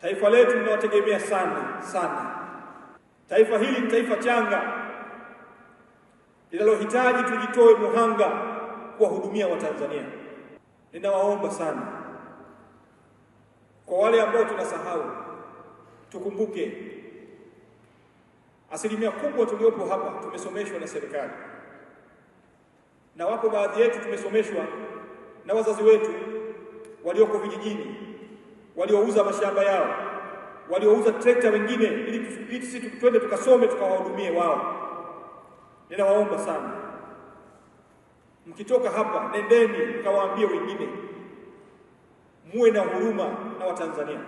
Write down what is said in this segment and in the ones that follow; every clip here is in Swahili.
Taifa letu linawategemea sana sana. Taifa hili ni taifa changa linalohitaji tujitoe muhanga kuwahudumia Watanzania. Ninawaomba sana, kwa wale ambao tunasahau, tukumbuke asilimia kubwa tuliopo hapa tumesomeshwa na serikali, na wapo baadhi yetu tumesomeshwa na wazazi wetu walioko vijijini waliouza mashamba yao, waliouza trekta wengine, ili sisi twende tukasome tukawahudumie wao. Ninawaomba sana, mkitoka hapa nendeni mkawaambie wengine, muwe na huruma na Watanzania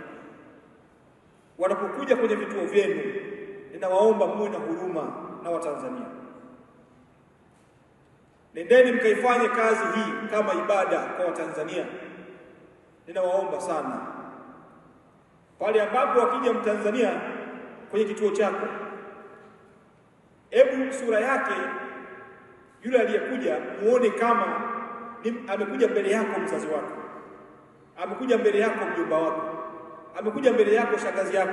wanapokuja kwenye vituo vyenu. Ninawaomba muwe na huruma na Watanzania. Nendeni mkaifanye kazi hii kama ibada kwa Watanzania. Ninawaomba sana pale ambapo akija Mtanzania kwenye kituo chako, hebu sura yake yule aliyekuja muone kama amekuja mbele yako mzazi wako, amekuja mbele yako mjomba wako, amekuja mbele yako shangazi yako,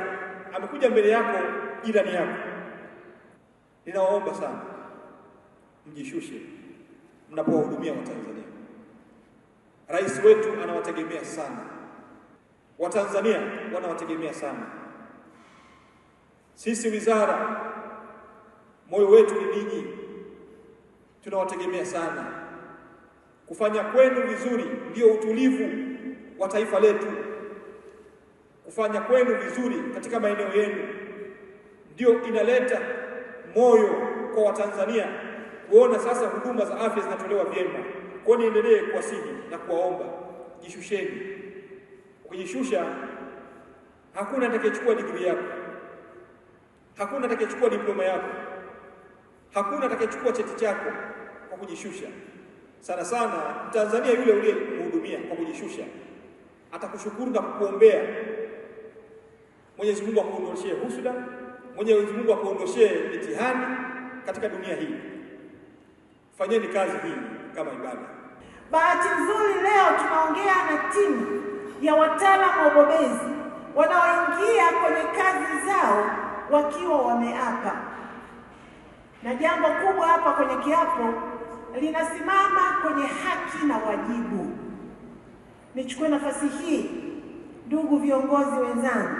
amekuja mbele yako jirani yako. Ninawaomba sana mjishushe mnapowahudumia Watanzania. Rais wetu anawategemea sana. Watanzania wanawategemea sana. Sisi wizara, moyo wetu ni ninyi, tunawategemea sana. Kufanya kwenu vizuri ndio utulivu wa taifa letu. Kufanya kwenu vizuri katika maeneo yenu ndio inaleta moyo kwa Watanzania kuona sasa huduma za afya zinatolewa vyema. Kwa niendelee kuwasihi na kuwaomba, jishusheni kujishusha hakuna atakayechukua digrii yako, hakuna atakayechukua diploma yako, hakuna atakayechukua cheti chako kwa kujishusha. Sana sana Mtanzania yule uliyemhudumia kwa kujishusha atakushukuru na kukuombea. Mwenyezi Mungu akuondoshee husuda, Mwenyezi Mungu akuondoshee mitihani katika dunia hii. Fanyeni kazi hii kama ibada. Bahati nzuri leo tunaongea na timu ya wataalamu wabobezi wanaoingia kwenye kazi zao wakiwa wameapa. Na jambo kubwa hapa kwenye kiapo linasimama kwenye haki na wajibu. Nichukue nafasi hii, ndugu viongozi wenzangu,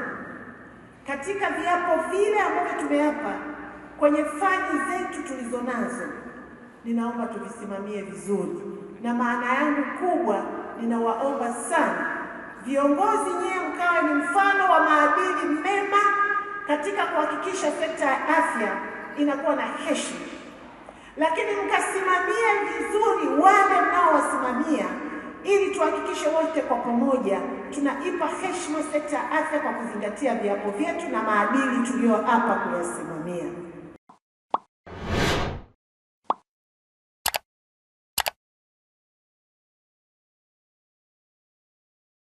katika viapo vile ambavyo tumeapa kwenye fani zetu tulizo nazo, ninaomba tuvisimamie vizuri, na maana yangu kubwa, ninawaomba sana Viongozi nyewe mkawe ni mfano wa maadili mema katika kuhakikisha sekta ya afya inakuwa na heshima, lakini mkasimamia vizuri wale mnaowasimamia, ili tuhakikishe wote kwa pamoja tunaipa heshima sekta ya afya kwa kuzingatia viapo vyetu na maadili tuliyoapa kuyasimamia.